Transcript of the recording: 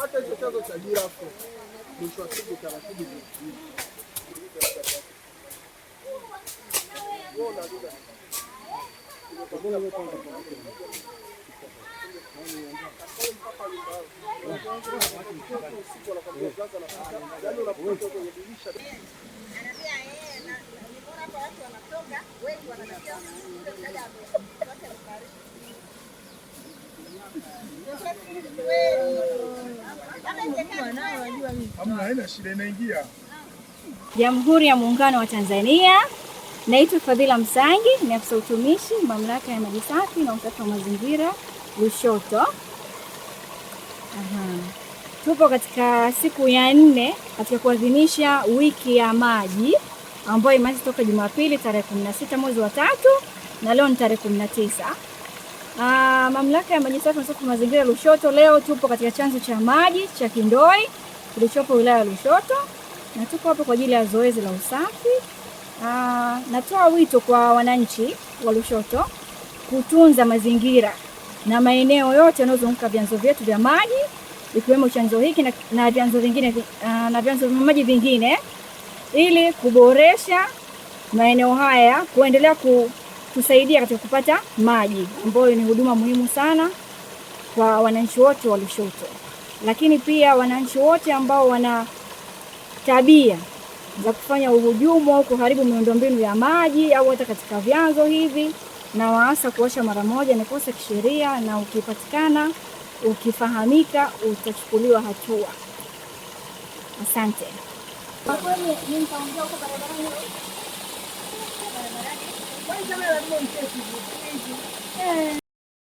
Hata hicho chanzo cha jirafu, mwisho wa siku taratibu Jamhuri ya Muungano wa Tanzania Naitwa Fadhila Msangi, ni afisa utumishi mamlaka ya maji safi na usafi wa mazingira Lushoto. Aha. Tupo katika siku ya nne katika kuadhimisha wiki ya maji ambayo imeanza toka Jumapili tarehe 16 mwezi wa tatu na leo ni tarehe 19. Ah, mamlaka ya maji safi na usafi wa mazingira Lushoto leo tupo katika chanzo cha maji cha Kindoi kilichopo wilaya ya Lushoto na tuko hapo kwa ajili ya zoezi la usafi Uh, natoa wito kwa wananchi wa Lushoto kutunza mazingira na maeneo yote yanayozunguka vyanzo vyetu vya maji ikiwemo chanzo hiki na, na vyanzo vingine ah, na vyanzo vya maji vingine ili kuboresha maeneo haya kuendelea kutusaidia katika kupata maji ambayo ni huduma muhimu sana kwa wananchi wote wa Lushoto, lakini pia wananchi wote ambao wana tabia za kufanya uhujumu au kuharibu miundombinu ya maji au hata katika vyanzo hivi, na waasa kuosha mara moja, ni kosa kisheria, na ukipatikana, ukifahamika, utachukuliwa hatua. Asante.